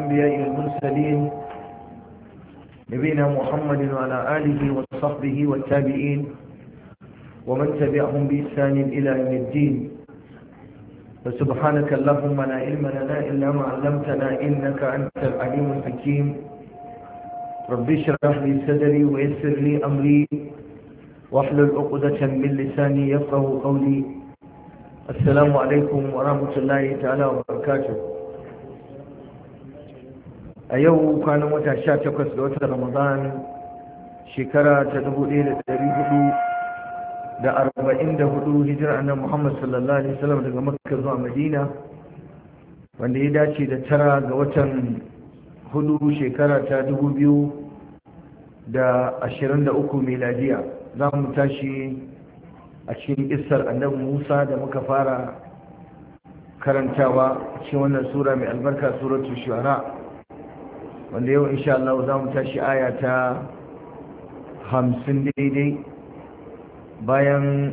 الأنبياء المرسلين نبينا محمد وعلى آله وصحبه والتابعين ومن تبعهم بإحسان إلى يوم الدين فسبحانك اللهم لا علم لنا إلا ما علمتنا إنك أنت العليم الحكيم رب اشرح لي صدري ويسر لي أمري واحلل عقدة من لساني يفقه قولي السلام عليكم ورحمة الله تعالى وبركاته a yau kwanan wata 18 ga watan ramadan shekara ta 1444 hijira annan muhammad sallallahu alaihi wasallam daga makka zuwa madina wanda ya dace da tara ga watan hudu shekara ta 2023 meladiya za mu tashi a cikin isar nan musa da muka fara karantawa cikin wannan sura mai albarka suratul shu'ara wanda yau insha Allah za mu tashi aya ta hamsin daidai bayan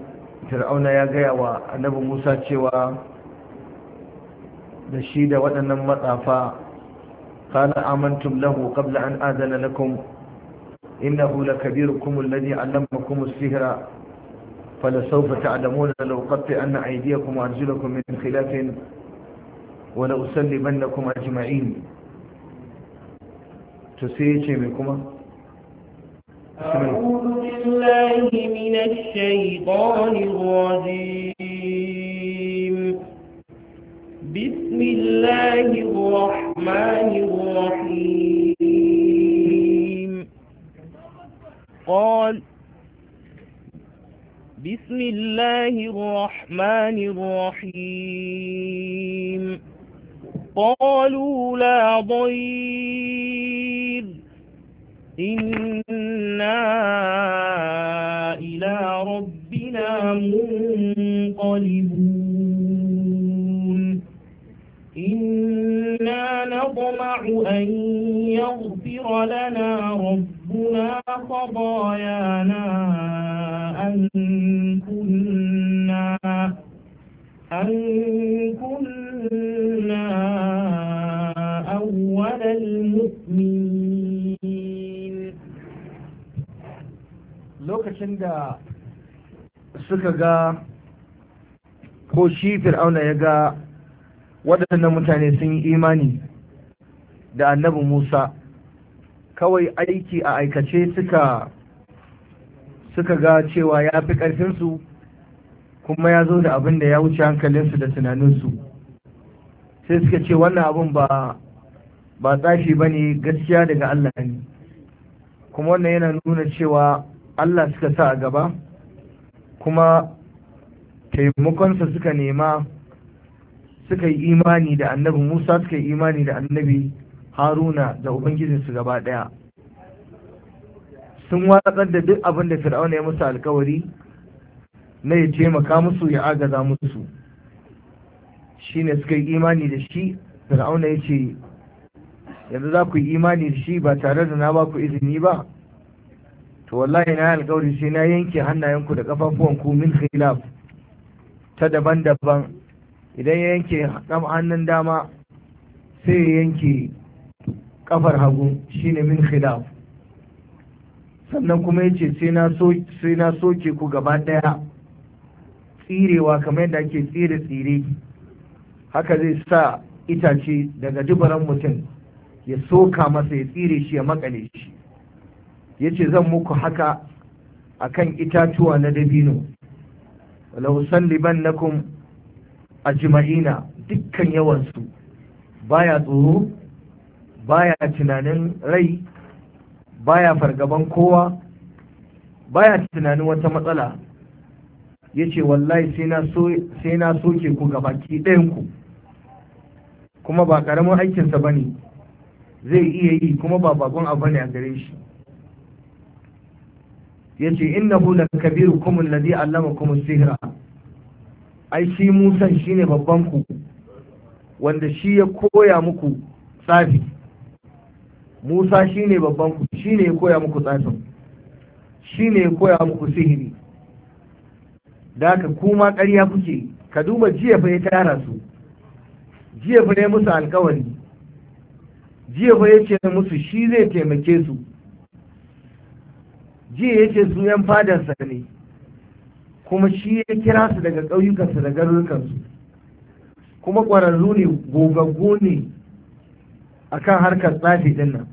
fir'auna ya gaya wa annabi musa cewa da shi da waɗannan matsafa kala amantum lahu qabla an adana lakum innahu lakabirukum alladhi 'allamakum as-sihra falasawfa ta'lamuna law qat'ana aydiyakum wa arjulakum min khilafin wa la usallibannakum ajma'in to شيء ya أعوذ بالله من الشيطان الرجيم بسم الله الرحمن الرحيم قال بسم الله الرحمن الرحيم قالوا لا ضير إنا إلى ربنا منقلبون إنا نطمع أن يغفر لنا ربنا خطايانا أن كنا أن كنا كنا lokacin da suka ga ko shi fir'auna ya ga waɗannan mutane sun yi imani da annabi musa kawai aiki a aikace suka suka ga cewa ya fi ƙarfinsu kuma ya zo da abin da ya wuce hankalinsu da tunaninsu sai suka ce wannan abun ba ba tsashi ba ne gaskiya daga Allah ne kuma wannan yana nuna cewa Allah suka sa a gaba kuma taimakonsa suka nema suka yi imani da annabi Musa suka yi imani da annabi Haruna da Ubangijin su gaba ɗaya sun watsar da duk abin da Fir'auna ya musu alkawari na ya taimaka musu ya agaza musu shi ne suka yi imani da shi fir'auna ya ce yanzu za ku yi imani da shi ba tare da na ba ku izini ba to wallahi na alkawari sai na yanke hannayenku da ƙafafuwanku min khilaf ta daban-daban idan ya yanke hannun dama sai ya yanke kafar hagu shine min khilaf sannan kuma ya ce sai na soke ku gaba daya tsirewa kamar yadda ake tsire tsire haka zai sa itace daga dubaran mutum ya soka masa ya tsire shi ya makale shi ya ce zan muku haka a kan itatuwa na dabino lausan liban na kun a jima'ina dukkan yawansu baya tsoro baya tunanin rai baya fargaban kowa baya tunanin wata matsala ya ce wallahi sai na soke ku gabaki ɗayanku kuma ba karamin aikinsa ba ne zai iya yi kuma ba bakon abu ne a gare shi ya ce ina hula kabiru kumin ladi allama kuma sihira ai shi musan shi ne babban ku wanda shi ya koya muku tsafi musa shi ne babban ku shi ne ya koya muku tsafi shi ne ya koya muku sihiri da aka kuma ƙarya kuke ka duba jiya bai ya tara su jiya fa ne musu alkawari jiya fa ya ce musu shi zai taimake su jiya ya ce su yan fadarsa ne kuma shi ya kira su daga ƙauyukansu da garurukansu kuma ƙwararru ne gogaggo ne a kan harkar tsafi din nan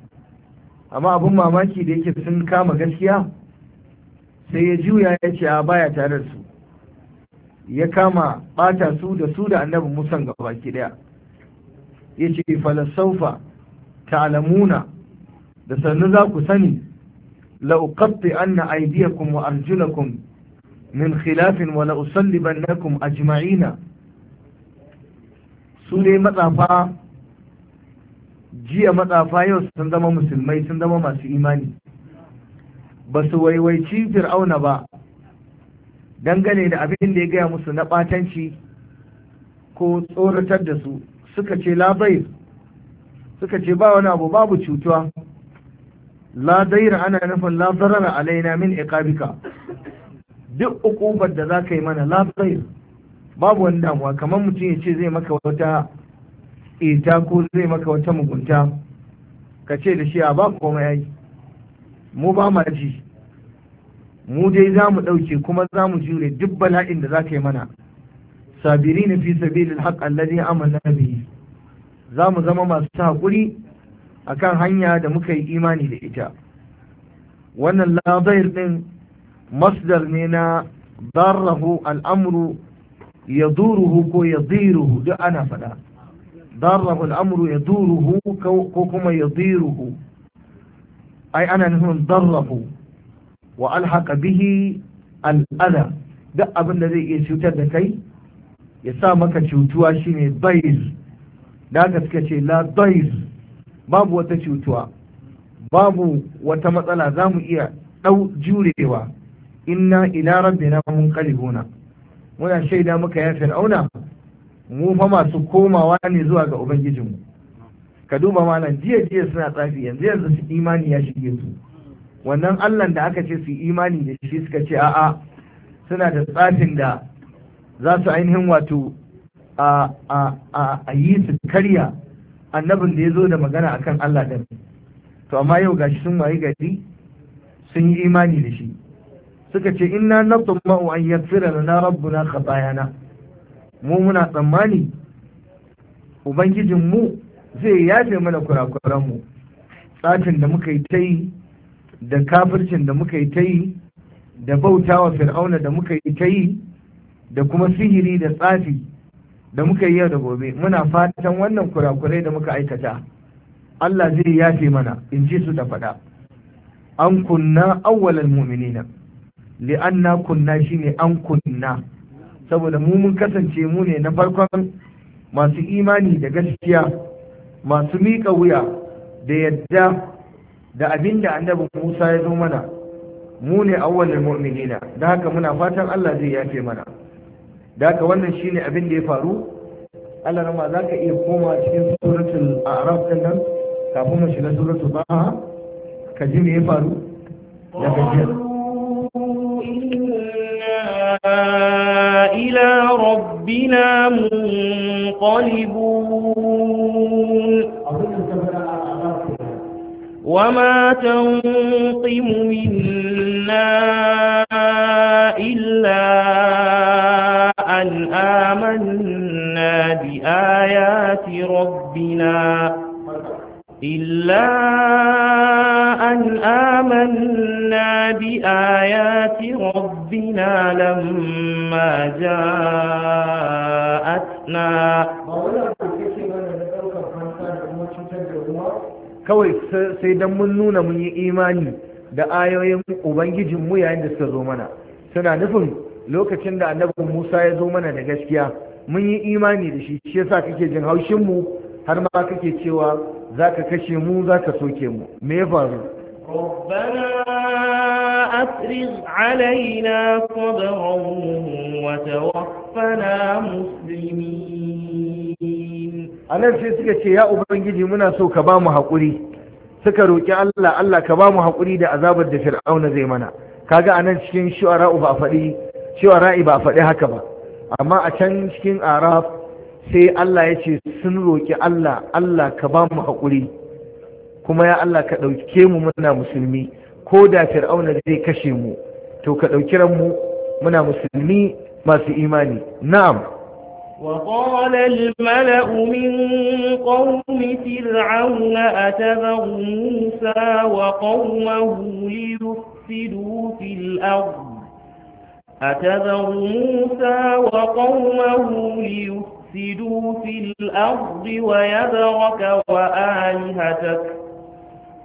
amma abin mamaki da yake sun kama gaskiya sai ya juya ya ce a baya tare da su ya kama ɓata su da su da annabin musan gabaki ɗaya yace falasaufa ta'lamuna da sannu za ku sani la uqatti anna aydiyakum wa arjulakum min khilafin wa la usallibannakum ajma'ina su ne matsafa jiya matsafa yau sun zama musulmai sun zama masu imani ba su waiwaici fir'auna ba dangane da abin da ya gaya musu na ɓatanci ko tsoratar da su suka ce labai suka ce ba wani abu babu cutuwa la daira ana nufin la zarara alaina min iqabika duk ukubar da za ka yi mana la babu wani damuwa kamar mutum ya ce zai maka wata ita ko zai maka wata mugunta ka ce da shi a ba komai ai mu ba ma ji mu dai za mu ɗauke kuma za mu jure duk bala'in da za ka yi mana sabirin fi sabilil haqq alladhi amana bihi za mu zama masu haƙuri akan hanya da muka yi imani da ita wannan labar ɗin masdar ne na darrahu al'amru ya duruhu ko ya ziruhu duk ana faɗa darrahu al'amru ya duruhu ko kuma ya ziruhu ai ana nufin darrahu wa alhaka bihi al'ada duk abin da zai iya cutar da kai ya sa maka cutuwa shine dais da aka suka ce la dais babu wata cutuwa babu wata matsala za mu iya ɗau jurewa inna ila rabbina munqalibuna muna shaida muka ya fir'auna mu fa masu komawa ne zuwa ga ubangijinmu ka duba malam jiya jiya suna tsafi yanzu yanzu su imani ya shige su wannan allah da aka ce su imani da shi suka ce a'a suna da tsafin da za su ainihin wato a yi su karya annabin da ya zo da magana akan Allah ɗin to amma yau gashi sun wayi gari sun yi imani da shi suka ce inna nafsu ma'u an yaghfira na rabbuna bayana. mu muna tsammani ubangijin mu zai yafe mana kurakuranmu, mu da muka yi ta yi da kafircin da muka yi ta yi da bautawa fir'auna da muka yi ta yi da kuma sihiri da tsafi da muka yi yau da gobe muna fatan wannan kurakurai da muka aikata Allah zai yafe mana in ji su da faɗa an kunna awwalal mu'minina li'anna kunna shine an kunna saboda mu mun kasance mu ne na farkon masu imani da gaskiya masu miƙa wuya da yadda da abinda da annabi Musa ya zo mana mu ne awwalul mu'minina da haka muna fatan Allah zai yafe mana da haka wannan shine abin da ya faru Allah ma za ka iya koma cikin suratul a'raf din nan kafin mu shiga suratul baha ka ji me ya faru da gajiyar إلى ربنا منقلبون وما تنقم منا إلا أن آمنا بآيات ربنا إلا أن آمنا بآيات ربنا لما جاءتنا kawai sai don mun nuna mun yi imani da ayoyin ubangijinmu yayin da suka zo mana suna nufin lokacin da annabin Musa ya zo mana da gaskiya mun yi imani da shi shi yasa kake jin haushin mu har ma kake cewa zaka kashe mu zaka soke mu me ya faru ربنا أفرغ sai suka ce ya ubangiji muna so ka ba mu haƙuri suka roƙi Allah Allah ka ba mu haƙuri da azabar da fir'auna zai mana kaga anan cikin shu'ara uba a faɗi cewa ra'i ba a faɗi haka ba amma a can cikin araf sai Allah ya ce sun roƙi Allah Allah ka ba mu haƙuri kuma ya Allah ka ɗauke mu muna musulmi ko da fir'auna zai kashe mu to ka ɗauki ranmu muna musulmi masu imani na'am وقال الملأ من قوم فرعون أتبغ موسى وقومه ليفسدوا في الأرض أتذر موسى وقومه ليفسدوا في الأرض ويبرك وآلهتك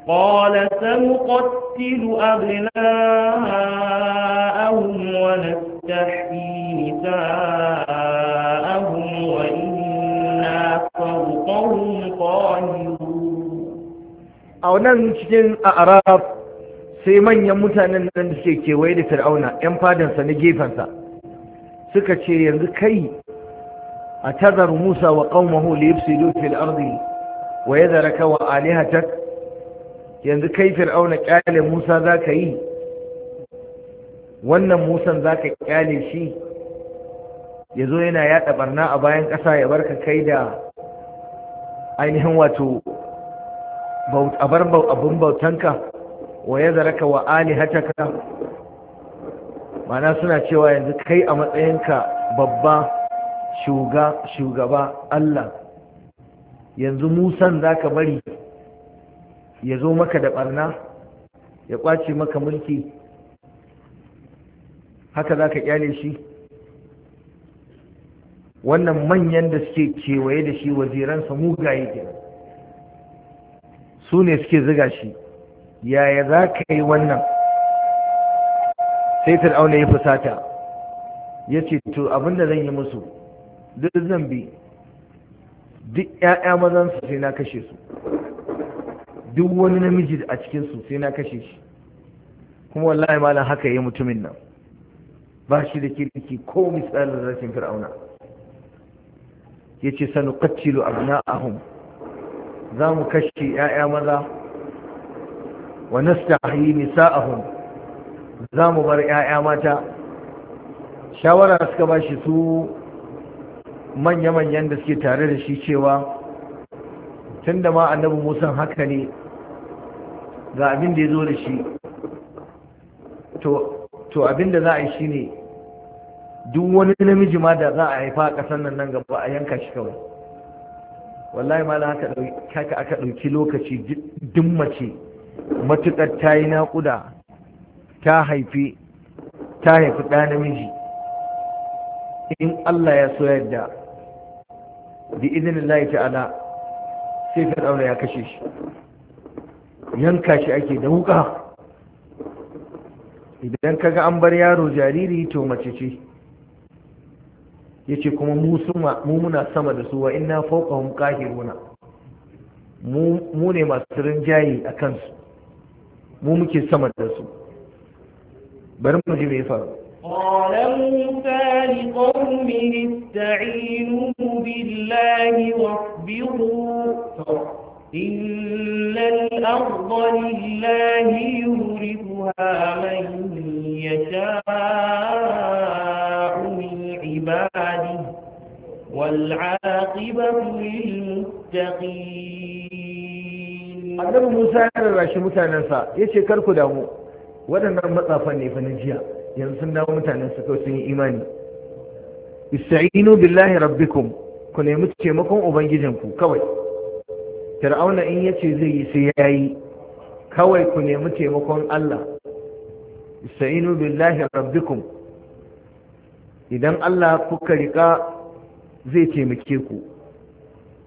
قال سنقتل أبناءهم ونستحيي نساءهم وإنا فوقهم قاهرون أو نمشي أعراف sai manyan mutanen nan da suke kewaye da fir'auna 'yan fadansa na gefensa suka ce yanzu kai a tazar musa wa ƙaumahu da yafsidu fil ardi wa ya zara kawa alihatak yanzu kai fir'auna ƙyale musa za ka yi wannan musan za ka ƙyale shi ya zo yana yaɗa barna a bayan ƙasa ya barka kai da ainihin wato abin bautanka wa ya zaraka wa alihataka mana suna cewa yanzu kai a matsayinka babba shugaba Allah yanzu musan za ka bari ya zo maka da barna ya kwace maka mulki haka za ka kyale shi wannan manyan da suke kewaye da shi waziransa mugaye su ne suke ziga shi yaya za ka yi wannan sai fir'auna ya fusata ya ce to abinda zan yi musu duk zan bi duk 'ya'ya mazan su sai na kashe su duk wani namiji a cikin su sai na kashe shi kuma wallahi malam haka yi mutumin nan ba shi da kirki ko misalin rashin fir'auna ya ce sanu kaccilu ahun za mu kashe 'ya'ya maza wa nastahi nisa'ahum zamu bar 'ya'ya mata shawara suka ba shi su manya-manyan da suke tare da shi cewa tun ma annabi musan haka ne ga abin da ya da shi to abin da za a yi shi duk wani namiji ma da za a haifa a ƙasar nan nan gaba a yanka shi kawai wallahi ma haka aka ɗauki lokaci jimmace? matuƙar ta yi naƙuda ta haifi ta haifi ɗa namiji in Allah ya so yadda Da izinin Allah ta'ala sai fir'auna ya kashe shi yanka shi ake da wuƙa? idan kaga an bar yaro jariri to mace ce yace kuma mu muna sama da su wa inna fawqahum qahiruna mu ne masu rinjaye a kansu mu muke sama da su bari mu قال موسى لقوم استعينوا بالله واصبروا إن الأرض لله يورثها من يشاء من عباده والعاقبة للمتقين annabi musa ya rarrashi mutanensa ya ce kar ku damu waɗannan matsafan ne fa na jiya yanzu sun dawo su kawai sun yi imani istainu billahi rabbikum ku nemi taimakon ubangijinku kawai fir'auna in ya ce zai yi sai ya yi kawai ku nemi taimakon allah istainu billahi rabbikum idan allah kuka riƙa zai taimake ku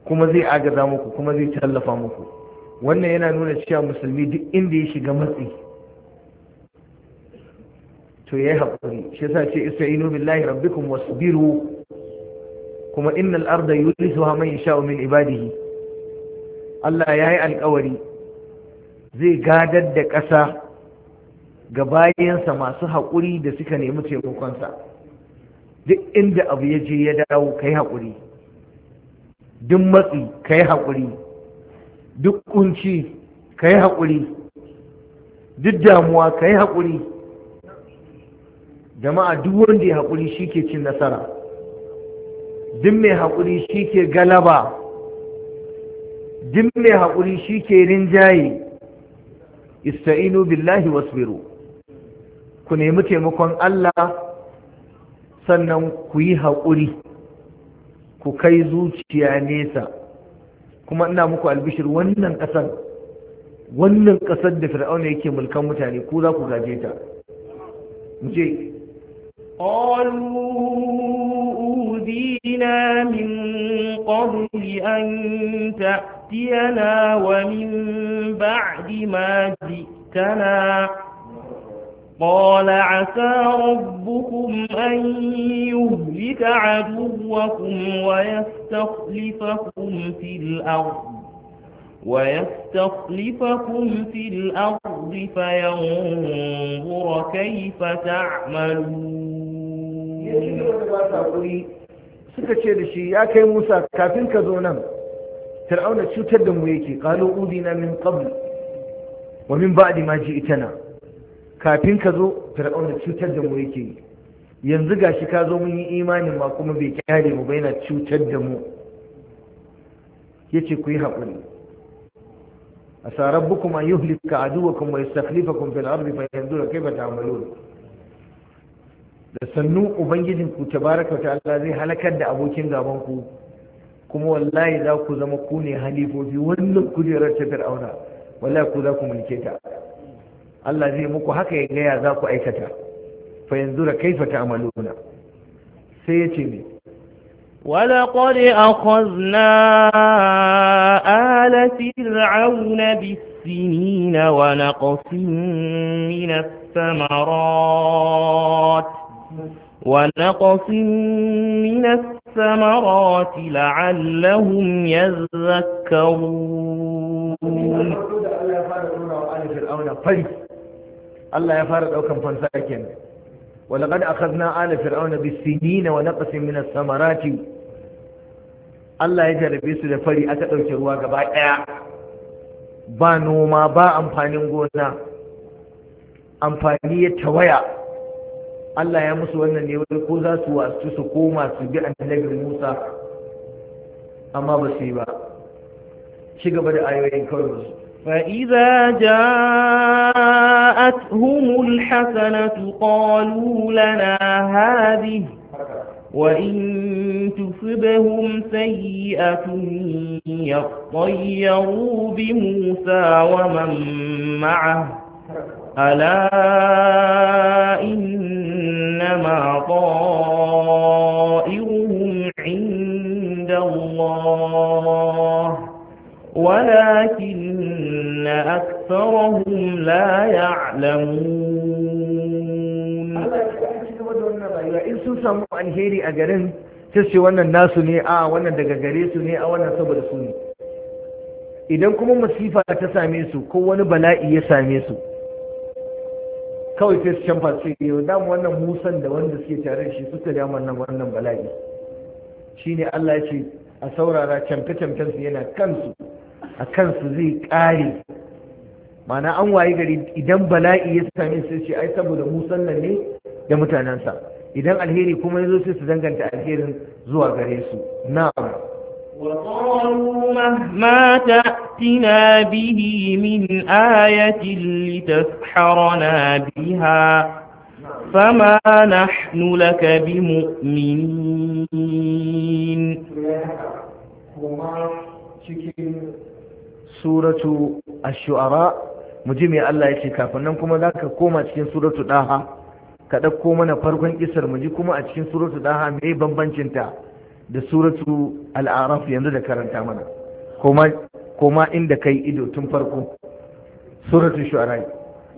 kuma zai agaza muku kuma zai tallafa muku wannan yana nuna cewa musulmi duk inda ya shiga matsi to ya yi haƙuri shi yasa ce ista'inu billahi rabbikum wasbiru kuma innal arda yurithuha man yasha'u min ibadihi Allah ya yi alƙawari zai gadar da ƙasa ga bayansa masu haƙuri da suka nemi taimakonsa duk inda abu ya je ya dawo ka yi haƙuri duk matsi ka yi haƙuri duk kunci ka yi haƙuri duk damuwa ka yi haƙuri jama'a duk wanda ya haƙuri shi ke cin nasara duk mai haƙuri shi ke galaba duk mai haƙuri shi ke rinjaye ista'inu billahi wasbiru ku nemi taimakon Allah sannan ku yi haƙuri ku kai zuciya nesa kuma ina muku albishir wannan ƙasar wannan da fir'auna yake mulkan mutane ko za ku gaje ta je قالوا أوذينا من قبل أن تأتينا ومن بعد ما قال عسى ربكم أن يهلك عدوكم ويستخلفكم في الأرض ويستخلفكم في الأرض فينظر كيف تعملون suka ce da shi ya kai Musa kafin ka zo nan Fir'auna cutar da mu yake qalu udina min qabl wa min ba'di ma ji'tana kafin ka zo da cutar da mu yake yanzu gashi ka zo mun yi imanin ma kuma bai kyare mu ba yana cutar da mu yace ku yi haƙuri asa rabbukum an yuhlika aduwakum wa yastakhlifakum fil ardi fa yanzuru kayfa ta'malun da sannu ubangijin ku tabaraka Allah zai halakar da abokin gaban ku kuma wallahi za ku zama ku ne halifofi wannan kujerar ta fir'auna wallahi ku za ku mulke ta Allah zai muku haka ya gaya za ku aikata fa yanzu da kaifa ta'maluna sai ya ce ne ولقد أخذنا آل فرعون بالسنين ونقص من الثمرات ونقص من الثمرات لعلهم يذكرون Allah ya fara daukan fansa kenan walaqad akhadna ala fir'auna bis-sinina wa naqsin min as-samarati Allah ya jarabe su da fari aka dauke ruwa gaba daya ba noma ba amfanin gona amfani ya tawaya Allah ya musu wannan ne wani ko za su wasu su koma su bi annabi Musa amma ba su yi ba ci gaba da ayoyin kawai فإذا جاءتهم الحسنة قالوا لنا هذه وإن تصبهم سيئة يطيروا بموسى ومن معه ألا إنما طائرهم عند الله ولكن أكثرهم لا يعلمون in sun samu alheri a garin sai ce wannan nasu ne a wannan daga gare su ne a wannan saboda su ne idan kuma masifa ta same su ko wani bala'i ya same su kawai sai su canfa su yau damu wannan musan da wanda suke tare shi suka damar wannan wannan bala'i Shi ne Allah ya ce a saurara canfe-canfen su yana kansu a kansu zai ƙare mana an waye gari idan bala'i ya same su ce ai saboda musan nan ne da mutanensa idan alheri kuma ya zo sai su danganta alherin zuwa gare su na'am وقالوا مهما تأتنا به من آية لتسحرنا بها فما نحن لك بمؤمنين suratu ash-shu'ara mu ji me Allah ya ce kafin nan kuma za ka koma cikin suratu daha ka dauko mana farkon kisar mu ji kuma a cikin suratu daha me bambancin ta da suratu al-araf yanzu da karanta mana koma koma inda kai ido tun farko suratu shu'ara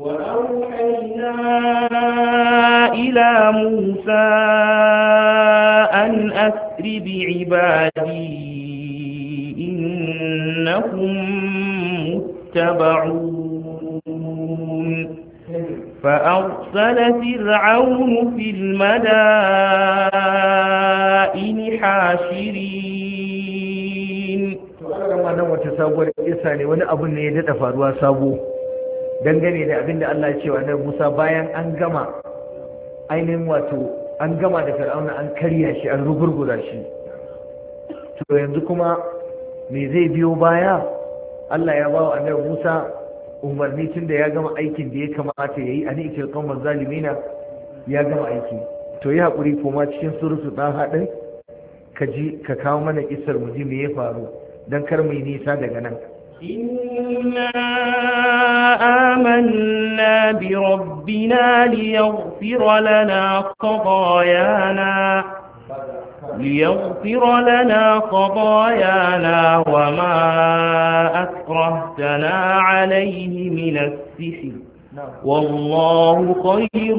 وأوحينا إلى موسى أن أسر بعبادي أنهم متبعون فأرسل فرعون في المدائن حاشرين wannan wata sabuwar isa ne wani abun ne ya daɗa faruwa sabo dangane da abin da Allah ya ce wa annabi Musa bayan an gama ainihin wato an gama da fir'auna an karya shi an rugurgura shi to yanzu kuma me zai biyo baya Allah ya bawa annabi Musa umarni tun da ya gama aikin da ya kamata ya yayi a ikil qawmal zalimina ya gama aiki to yi haƙuri koma cikin surutu ɗan haɗin? ka ji ka kawo mana isar mu ji me ya faru Don kar mu yi nisa daga nan إنا آمنا بربنا ليغفر لنا خطايانا ليغفر لنا خطايانا وما أكرهتنا عليه من السحر والله خير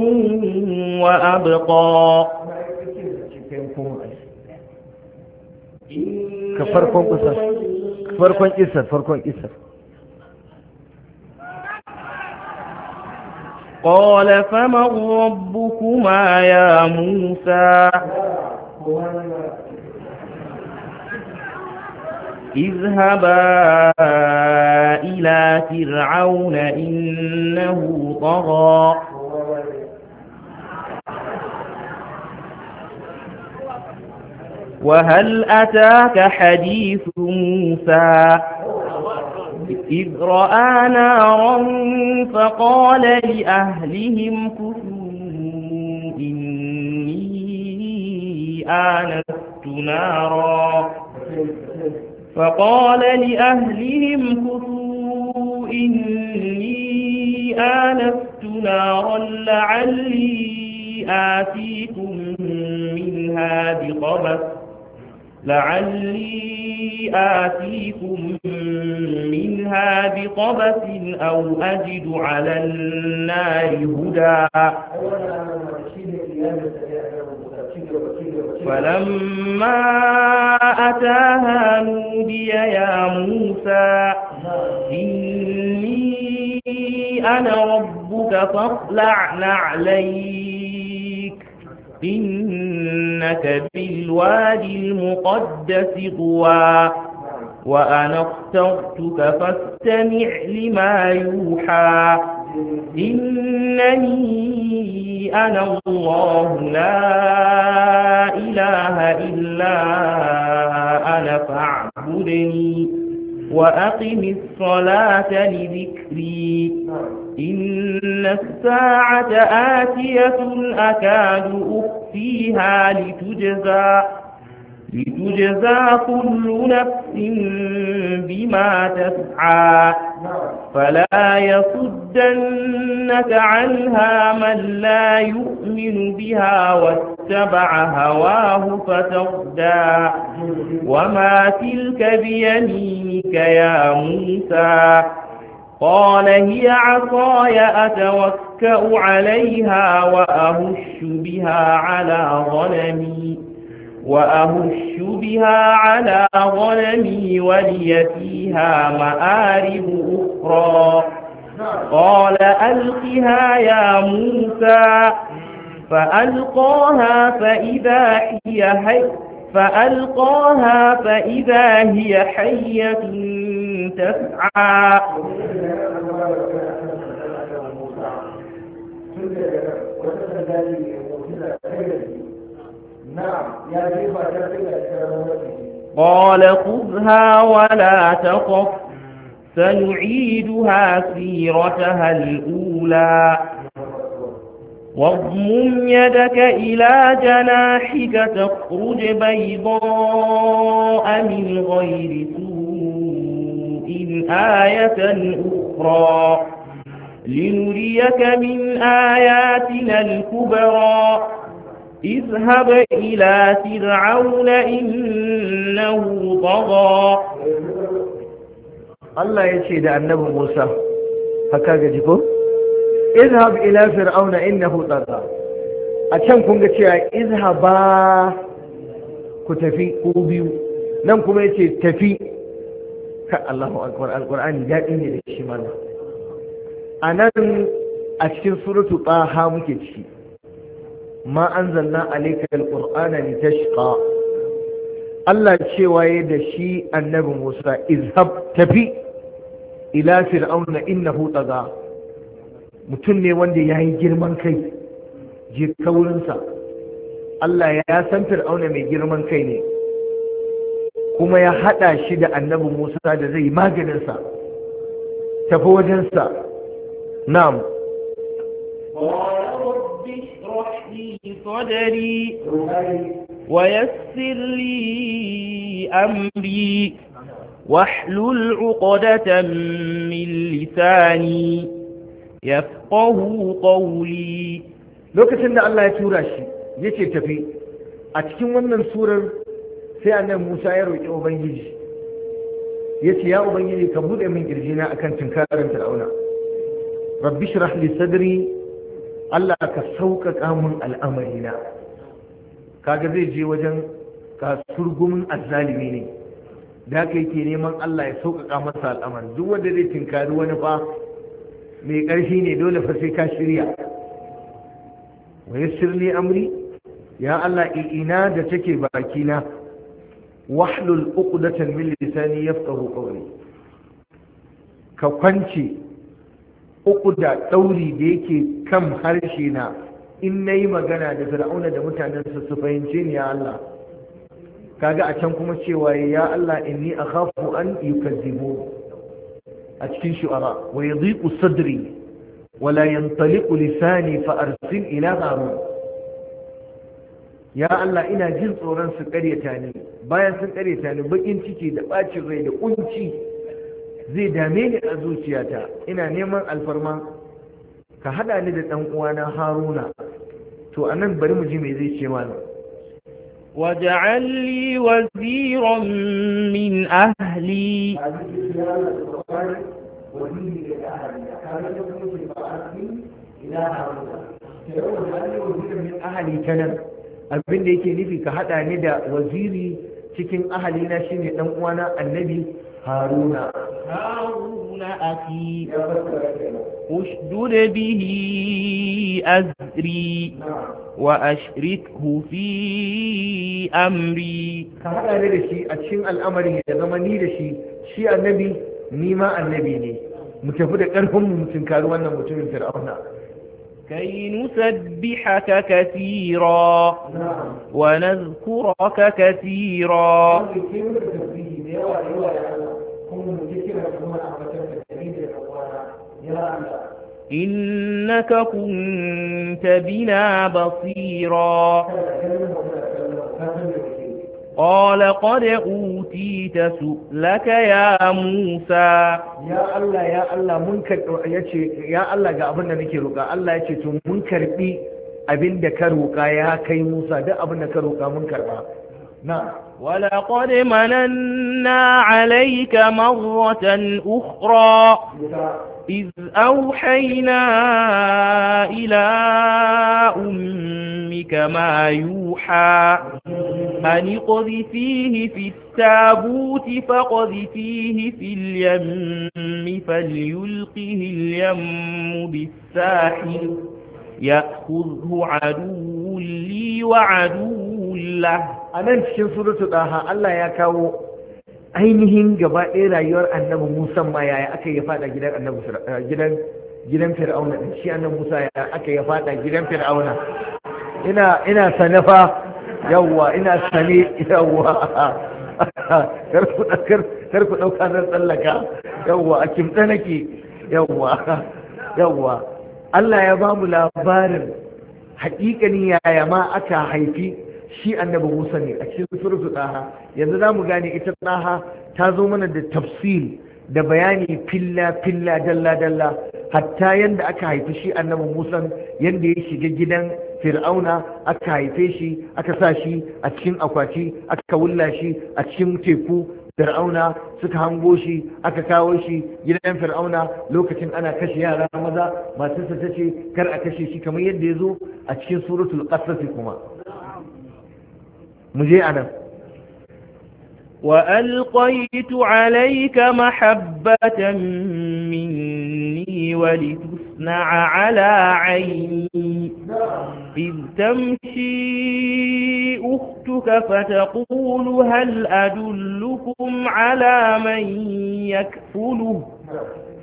وأبقى كفركم إسر كفركم إسر فركم إسر قال فمن ربكما يا موسى اذهبا إلى فرعون إنه طغى وهل أتاك حديث موسى إذ رأى نارا فقال لأهلهم كثوا آنست نارا فقال لأهلهم كثوا إني آنست نارا لعلي آتيكم منها بقبس لعلي آتيكم منها بقبس أو أجد على النار هدى فلما أتاها نودي يا موسى إني أنا ربك فاطلع نعليك إنك بالوادي المقدس طوى وأنا اخترتك فاستمع لما يوحى إنني أنا الله لا إله إلا أنا فاعبدني وأقم الصلاة لذكري إن الساعة آتية أكاد أخفيها لتجزى تجزى كل نفس بما تسعى فلا يصدنك عنها من لا يؤمن بها واتبع هواه فتغدى وما تلك بيمينك يا موسى قال هي عصاي أتوكأ عليها وأهش بها على ظلمي وأهش بها على ظلمي ولي فيها مآرب أخرى قال ألقها يا موسى فألقاها فإذا هي حي فألقاها فإذا هي حية تسعى نعم. قال خذها ولا تخف سنعيدها سيرتها الأولى واضمم يدك إلى جناحك تخرج بيضاء من غير سوء آية أخرى لنريك من آياتنا الكبرى اذهب إلى فرعون إنه طغى Allah ya ce da annabi Musa haka gaji ko izhab ila fir'auna innahu tagha a can kun ga cewa izhaba ku tafi ku biyu nan kuma yace tafi ka Allahu akbar alqur'ani daɗi ne da shi mana anan a cikin suratu taha muke ciki ma anzalna alayka alqur'ana litashqa Allah cewa ya da shi annabi Musa izhab tafi ila fir'auna innahu mutum ne wanda yayi girman kai je kaurinsa Allah ya san fir'auna mai girman kai ne kuma ya haɗa shi da annabi Musa da zai maganinsa tafi wajensa na'am صدري ويسر لي أمري واحلل عقدة من لساني يفقه قولي lokacin da Allah ya tura shi yace tafi a cikin wannan surar sai annabi Musa ya roki ubangiji yace ya ubangiji ka bude min kirjina akan tinkarin Fir'auna rabbi shrah li sadri Allah ka sauƙaƙa mun al'amarina kaga zai je wajen kasurgumin azzalimi ne da haka yake neman Allah ya sauƙaƙa masa al'amari duk wanda zai tinkari wani fa mai ƙarfi ne dole fa sai ka shirya wa yassir amri ya Allah ina da take bakina wahlul uqdatan Sani ya yafqahu qawli ka kwance uku da ɗauri da yake kan harshe na in na yi magana da fir'auna da mutanensa su fahimce ni ya Allah kaga a can kuma cewa ya Allah inni akhafu an yukazzibu a cikin shu'ara wa yadhiqu sadri wa la yantaliqu lisani fa arsil ila harun ya Allah ina jin tsoron su ƙaryata ni bayan sun ƙaryata ni bakin ciki da bacin rai da kunci zai dame ni a zuciyata ina neman alfarma ka hada ni da ɗan'uwana uwana haruna to anan bari mu ji me zai ce mana waj'al li waziran min ahli ahali kanan abinda yake nufi ka hada ni da waziri cikin ahalina shine dan uwana annabi هارون هارون أخي أشدد به أزري وأشركه في أمري كهذا لدشي أتشين الأمر يزمني لشي شيء النبي نيما النبي ني متفد قرهم متنكار وانا متمن فرعون كي نسبحك كثيرا ونذكرك كثيرا وكن ذكرك ثم رحمتك تميد إنك كنت بنا بصيرا قال قد أوتيت سؤلك يا موسى يا الله يا الله منكر يا الله ga abin da nake roƙa Allah yace to mun karɓi abin da ka roƙa ya kai Musa duk abin da ka roƙa mun ولقد مننا عليك مرة أخرى إذ أوحينا إلى أمك ما يوحى أن اقذفيه في التابوت فاقذفيه في اليم فليلقه اليم بالساحل يأخذه عدو لي وعدو rasulullah a nan cikin suratu ɗaha Allah ya kawo ainihin gaba ɗaya rayuwar annabi Musa ma yaya aka yi fada gidan annabi eh, gidan gidan Fir'auna din shi annabi Musa ya aka ya fada gidan Fir'auna ina ina fa, yawwa ina sane yawwa kar ku kar kar ku dauka nan tsallaka yawwa a kimta nake yawwa yawwa Allah ya ba mu labarin haƙiƙanin yaya ma aka haifi shi annabi Musa ne a cikin suratu ɗaha yanzu zamu gane ita ɗaha ta zo mana da tafsil da bayani filla filla dalla dalla hatta yanda aka haifi shi annabi Musa yanda ya shiga gidan fir'auna aka haife shi aka sa shi a cikin akwati aka wulla shi a cikin teku fir'auna suka hango shi aka kawo shi gidan fir'auna lokacin ana kashe yara maza matarsa ta ce kar a kashe shi kamar yadda ya zo a cikin suratul qasas kuma مجيء أنا وألقيت عليك محبة مني ولتصنع على عيني إذ تمشي أختك فتقول هل أدلكم على من يكفله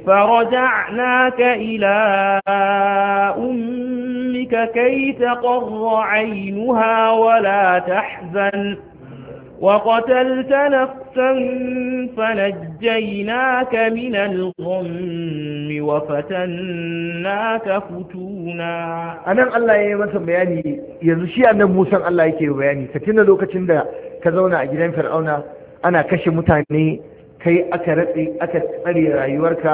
فرجعناك إلى أمك كي تقر عينها ولا تحزن وقتلت نفسا فنجيناك من الغم وفتناك فتونا أنا الله يا مسا بياني يزشي أن موسى الله يكي بياني ستنا لوكا تندا كذونا أجلين فرعون أنا كشي متعني kai aka ratse aka tsare rayuwarka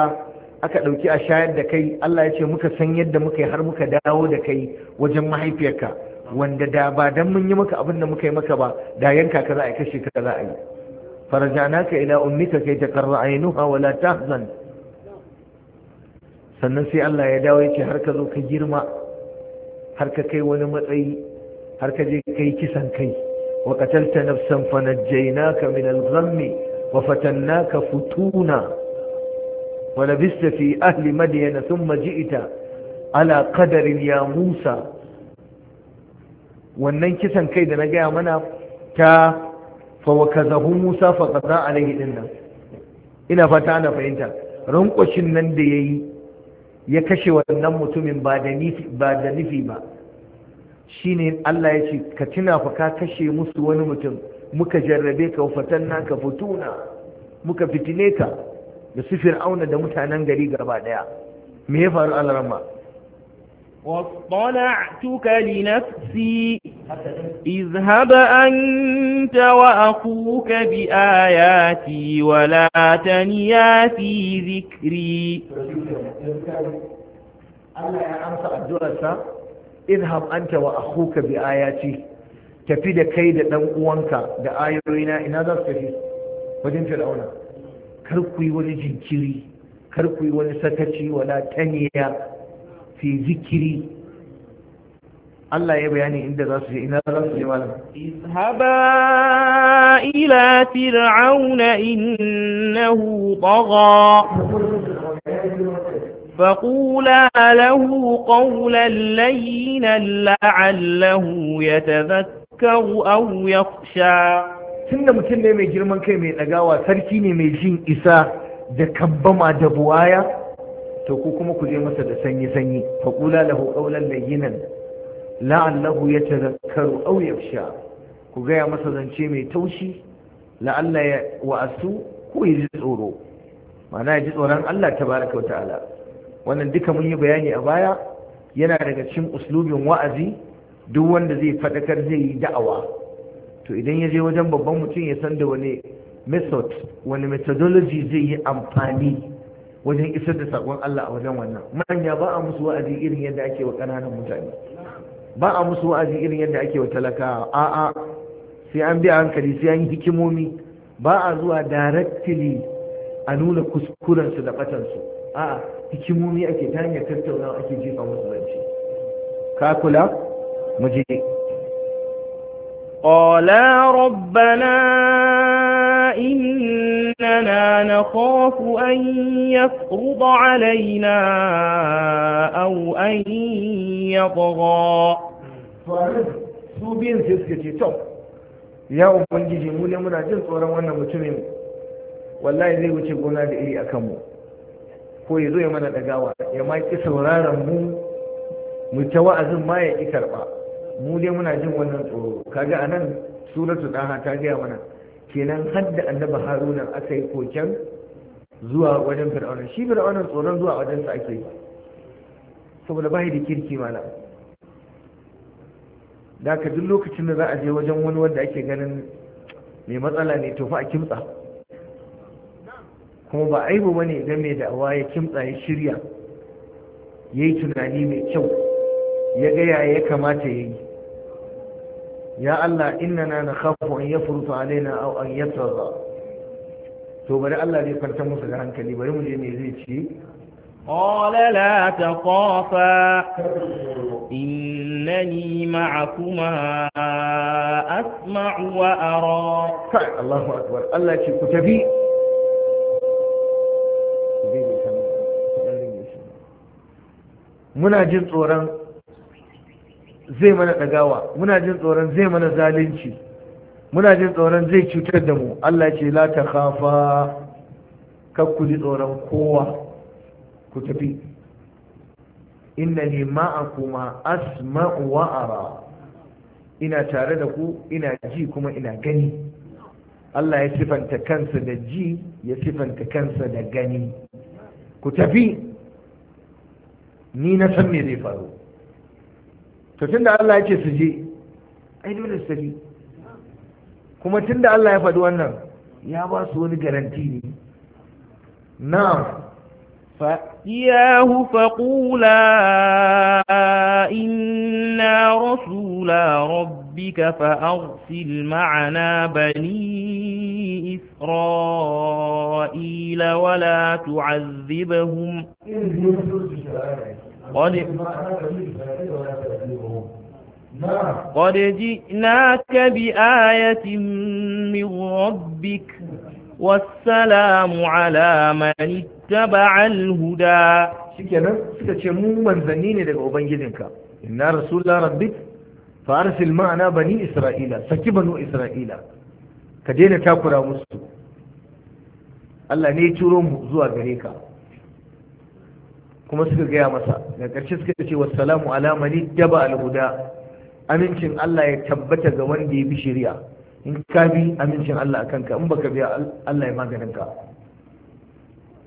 aka ɗauki a shayar da kai Allah ya ce muka san yadda muka yi har muka dawo da kai wajen mahaifiyarka wanda da ba dan mun yi maka abin da muka yi maka ba da yanka ka za a kashe ka za a yi farajanaka ila ummika kai ta karra ainuha wala tahzan sannan sai Allah ya dawo ya ce har ka zo ka girma har ka kai wani matsayi har ka je kai kisan kai wa qatalta nafsan fanajjaynaka min al-ghammi وفتناك فتونا ولبست في أهل مدين ثم جئت على قدر يا موسى wannan kisan kai da na gaya mana ta fawakazahu musa faƙaza alaihi ɗin nan ina fata ana fahimta rankwashin nan da ya yi ya kashe wannan mutumin ba da nufi ba shine allah ya ce ka tuna fa ka kashe musu wani mutum muka jarrabe ka fatanna ka fituna muka fitine ka da su fir'auna da mutanen gari gaba daya me ya faru alarma واطلعتك لنفسي اذهب أنت وأخوك بآياتي ولا تنيا في ذكري الله يا أمس اذهب أنت وأخوك بآياتي tafi da kai da ɗan uwanka da ayoyina ina za su tafi wajen fir'auna kar ku yi wani jinkiri kar ku yi wani sakaci wala taniya fi zikiri Allah ya bayani inda za su je ina za su je malam izhaba ila fir'auna innahu tagha فقولا له قولا لينا لعله يتذكر ya aw tun tunda mutum ne mai girman kai mai ɗagawa sarki ne mai jin isa da kabbama da buwaya to ku kuma ku je masa da sanyi sanyi fa qula lahu qawlan layyinan la'allahu yatadhakkaru aw yakhsha ku gaya masa zance mai taushi la'alla ya wa'asu ko ya ji tsoro ma'ana ya ji tsoron Allah tabaraka wa ta'ala wannan duka mun yi bayani a baya yana daga cikin uslubin wa'azi duk wanda zai fadakar zai yi da'awa to idan ya je wajen babban mutum ya san da wani method wani methodology zai yi amfani wajen isar da sakon Allah a wajen wannan manya ba a musu wa'azi irin yadda ake wa ƙananan mutane ba a musu wa'azi irin yadda ake wa talakawa a'a sai an bi hankali sai an yi hikimomi ba a zuwa directly a nuna kuskurensu da su a'a hikimomi ake ta hanyar tattaunawa ake jefa musu zance ka kula مجيء قالا ربنا إننا نخاف أن يفرض علينا أو أن يطغى su biyun sai suka ce to ya ubangiji mu ne muna jin tsoron wannan mutumin wallahi zai wuce gona da iri akan mu ko ya zo ya mana dagawa ya ma ki sauraron mu mu ta wa'azin ma ya ki karɓa. mu dai muna jin wannan tsoro kaga anan suratu daha ta gaya mana kenan hadda annabi haruna aka yi koken zuwa wajen fir'auna shi fir'auna tsoron zuwa wajen sa ake saboda bai da kirki mana da ka duk lokacin da za a je wajen wani wanda ake ganin mai matsala ne to fa a kimtsa kuma ba aibu bane idan mai da'awa ya kimtsa ya shirya ya yi tunani mai kyau ya ga ya kamata ya yi يا الله إننا نخاف أن يفرط علينا أو أن يترضى يتغى ثم الله لي فرتم سجان كلي بريم جني ريتشي قال لا تخافا إنني معكما أسمع وأرى الله أكبر الله شي كتبي منا جن تورن zai mana ɗagawa muna jin tsoron zai mana zalunci muna jin tsoron zai cutar da mu Allah ce la ta kafa kakkuli tsoron kowa ku tafi inna ni ma'akuma asma'u wa ara ina tare da ku ina ji kuma ina gani Allah ya sifanta kansa da ji ya sifanta kansa da gani ku tafi ni na san me zai faru to tunda Allah ya ce su je ai dole su je kuma tunda Allah ya faɗi wannan ya ba su wani garanti ne na فإياه فقولا إنا رسولا ربك فأرسل معنا بني إسرائيل ولا تعذبهم قد قد جئناك بآية من ربك والسلام على من اتبع الهدى shikenan suka ce mu manzanni ne daga ubangijinka inna rasulullah rabbik fa arsil ma'ana bani isra'ila saki banu isra'ila ka daina takura musu Allah ne ya turo mu zuwa gare ka kuma suka gaya masa da ƙarshe suka ce wa salamu alamani daba alhuda amincin Allah ya tabbata ga wanda ya bi shari'a in ka bi amincin Allah akan ka in baka bi Allah ya maganin ka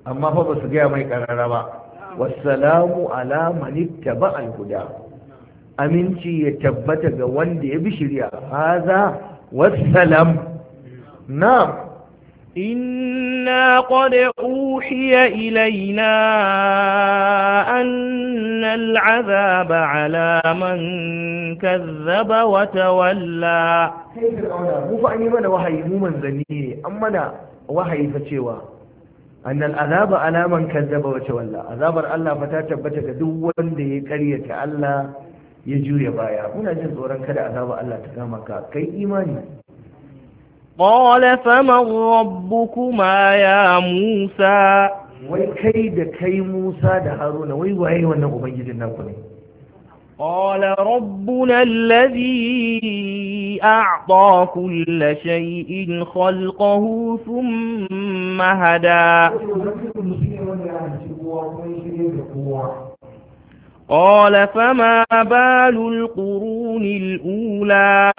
amma fa ba su gaya mai karara ba wa salamu alamani daba alhuda aminci ya tabbata ga wanda ya bi shari'a haza wassalam na إنا قد أوحي إلينا أن العذاب على من كذب وتولى sai fir'auna mu fa an yi mana wahayi mu manzanni ne an mana wahayi fa cewa annal azaba ala man kazzaba wa tawalla azabar Allah fa ta tabbata ga duk wanda ya karyata Allah ya juya baya muna jin tsoron kada azaba Allah ta kama kai imani قال فمن ربكما يا موسى وكي كي موسى دهارون ويوهي ونه أبيض النقل قال ربنا الذي أعطى كل شيء خلقه ثم هدى قال فما بال القرون الأولى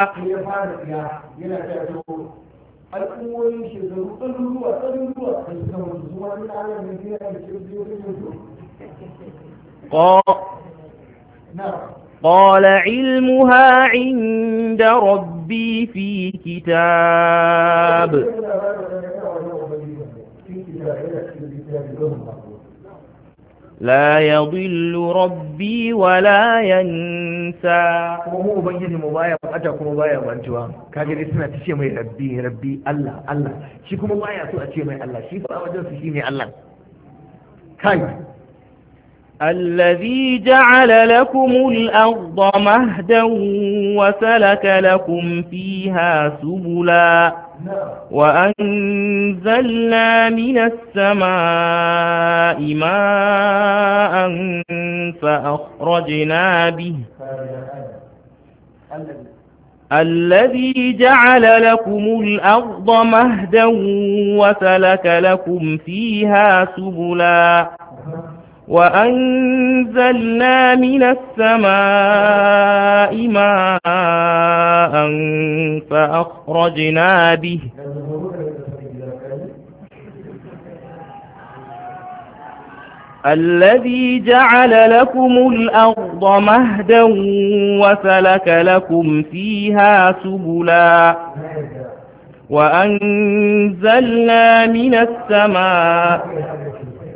قال علمها عند ربي في كتاب لا يضل ربي ولا ينسى kuma ubangiji mu baya bata kuma baya mantuwa kaga dai suna tace mai rabbi rabbi Allah Allah shi kuma baya so a ce mai Allah shi fa wajen su shine Allah kai الذي جعل لكم الأرض مهدا وسلك لكم فيها سبلا وأنزلنا من السماء ماء فأخرجنا به الذي جعل لكم الأرض مهدا وسلك لكم فيها سبلا وأنزلنا من السماء ماء فأخرجنا به الذي جعل لكم الأرض مهدا وسلك لكم فيها سبلا وأنزلنا من السماء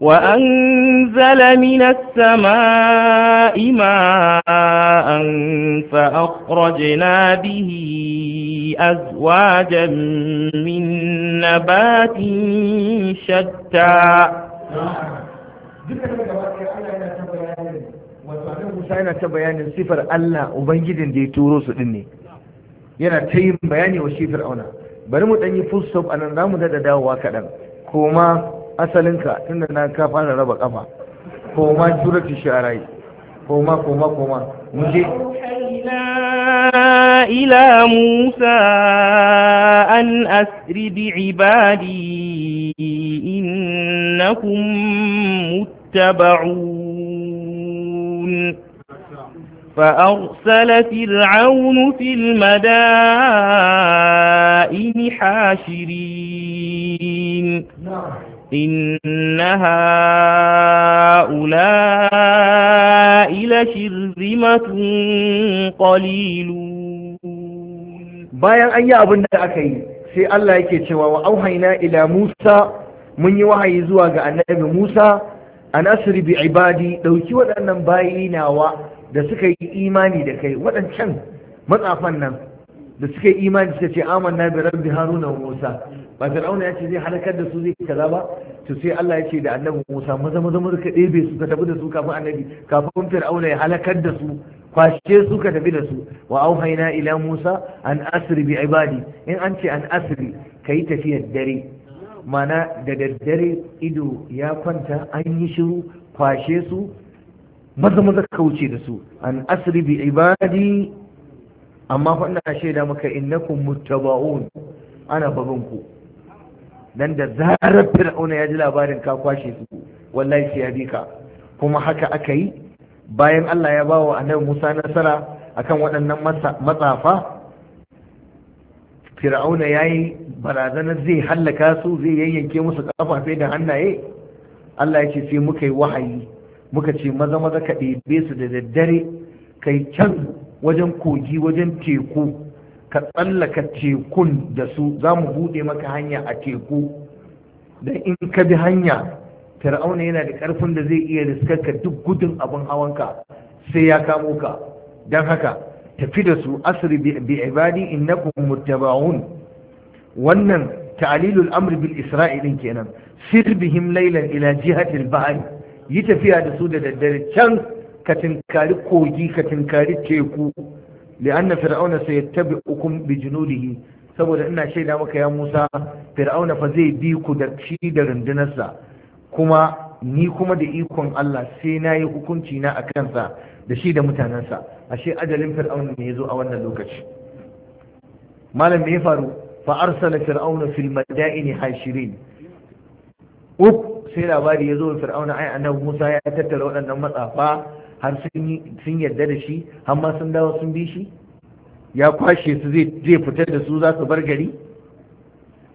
وأنزل من السماء ماء فأخرجنا به أزواجا من نبات شتى yana ta bayanin sifar Allah Ubangijin da ya turo su ɗin ne yana ta yin bayani wa shi bari mu ɗanyi full stop a nan za mu daɗa dawowa kaɗan koma asalinka tunda na ka fara raba kafa ko ma surati sharai koma ma ko ma ko ma mun je إلى موسى أن أسر فأرسل فرعون في المدائن حاشرين إن هؤلاء لشرذمة قليلون bayan an yi abin da aka yi sai Allah yake cewa wa auhaina ila Musa mun yi wahayi zuwa ga annabi Musa an asri bi ibadi ɗauki waɗannan bayi nawa da suka yi imani da kai waɗancan matsafan nan da suka yi imani suka ce amanna bi rabbi haruna Musa ba fir'auna ya ce zai halakar da su zai kaza ba to sai Allah ya ce da annabi Musa maza maza maza ka ɗebe su ka tafi da su kafin annabi kafin fir'auna ya halakar da su kwashe su ka tafi da su wa auhayna ila Musa an asri bi ibadi in an ce an asri kai tafiyar dare mana da daddare ido ya kwanta an yi shiru kwashe su maza maza ka wuce da su an asri bi ibadi amma fa shaida maka innakum muttaba'un ana babinku ku dan da zarar fir'auna ya ji labarin ka kwashe su wallahi sai ya bi kuma haka aka yi bayan Allah ya bawa annabi Musa nasara akan waɗannan matsafa fir'auna yayi yi barazanar zai hallaka su zai yayyanke musu kafafe da hannaye Allah ya ce sai muka yi wahayi muka ce maza maza ka ɗebe su da daddare kai can wajen kogi wajen teku ka tsallaka tekun da su za mu buɗe maka hanya a teku da in ka bi hanya fir'auna yana da ƙarfin da zai iya riskarka duk gudun abin hawanka sai ya kamo ka don haka tafi da su asiri bi ibadi innakum muttaba'un wannan ta'lilul amr bil isra'ilin kenan sir bihim laylan ila jihatil bahri yi tafiya da su da daddare can ka tinkari kogi ka tinkari teku li'anna fir'auna sayattabi'ukum bi saboda ina shaida maka ya Musa fir'auna fa zai bi ku da shi da rundunarsa kuma ni kuma da ikon Allah sai na yi hukunci na a kansa da shi da mutanensa ashe ajalin fir'auna ne ya zo a wannan lokaci malam me ya faru fa arsala fir'auna fil madaini hashirin up sai labari ya zo fir'auna ai annabi Musa ya tattara waɗannan matsafa har sun yarda da shi har ma sun dawo sun bi shi ya kwashe su zai fitar da su za su bar gari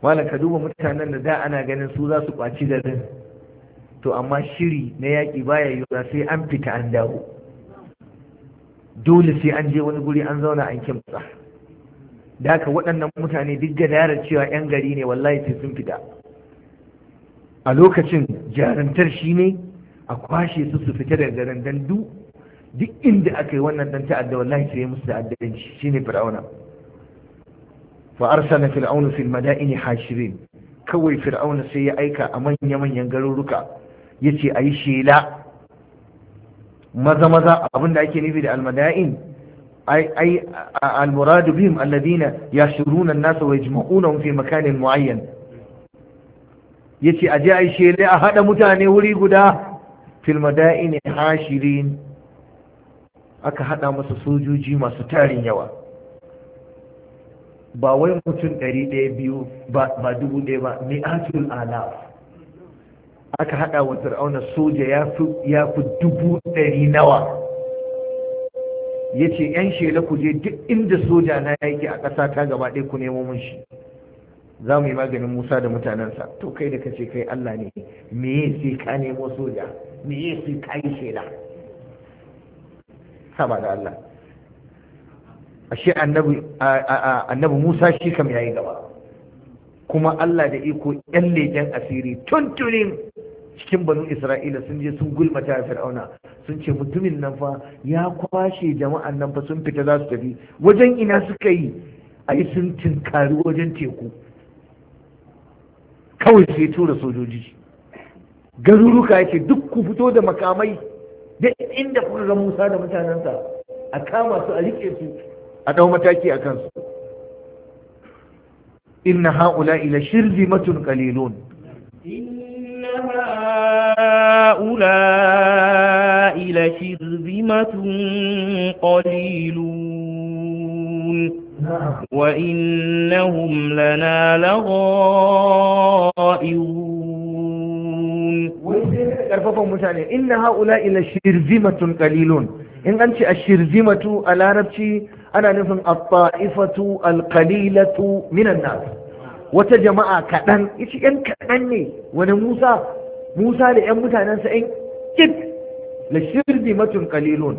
wani ka duba mutanen da da ana ganin su za su kwaci garin to amma shiri na yaƙi baya yiwuwa sai an fita an dawo dole sai an je wani guri an zauna an kimtsa da haka waɗannan mutane duk gadara cewa 'yan gari ne wallahi sai sun fita a lokacin jarantar shi ne a kwashe su su fita daga garin dan duk inda aka yi wannan dan ta'adda wallahi sai musu shi shine fir'auna fa arsala fir'auna fil madaini hashirin kawai fir'auna sai ya aika a manya manyan garuruka yace ayi shela maza maza abinda ake nufi da almada'in ai ai almuradu bihim alladhina yashuruna an-nasa wa yajma'unahum fi makanin mu'ayyan yace aje ai shela a hada mutane wuri guda fil madaini hashirin aka hada masa sojoji masu tarin yawa ba wai mutum dari daya biyu ba dubu ɗaya ba mi'atul ala aka hada wa fir'auna soja ya fi dubu ɗari nawa ya ce 'yan shela ku je duk inda soja na yake a ƙasa ta gaba ɗaya ku nemo mun shi za mu yi maganin musa da mutanensa to kai da kace kai allah ne me sai ka nemo soja me yi su kayi shaida sama da Allah ashe annabi annabi Musa shi kam yayi gaba kuma Allah da iko yan leken asiri tuntunin cikin banu Isra'ila sun je sun gulmata Fir'auna sun ce mutumin nan fa ya kwashe jama'an nan fa sun fita za su tafi wajen ina suka yi yi sun tinkari wajen teku kawai sai tura sojoji garuruka yake duk ku fito da makamai duk inda kuka ga Musa da mutanensa a kama su a rike su a dau mataki a kansu inna haula ila shirzimatun qalilun inna haula ila shirzimatun qalilun wa innahum lana yawan mutane inna haula ila shirzimatun qalilun in an ce ashirzimatu a larabci ana nufin at-ta'ifatu al-qalilatu nas wata jama'a kaɗan ita yan ne wani Musa Musa da yan mutanensa yan kit la shirzimatun qalilun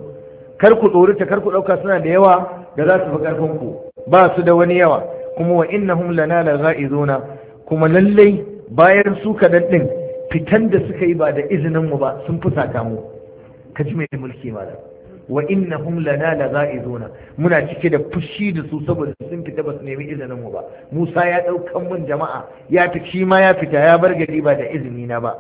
kar ku dori ta kar ku dauka suna da yawa da za su fi karfin ku ba su da wani yawa kuma wa innahum lana la gha'izuna kuma lallai bayan su kaɗan din fitan da suka yi ba da izinin mu ba sun fusata mu ka ji mai mulki malam wa innahum lana laza'izuna muna cike da fushi da su saboda sun fita ba su nemi izinin mu ba Musa ya daukan mun jama'a ya ta shi ma ya fita ya bar gari ba da izini na ba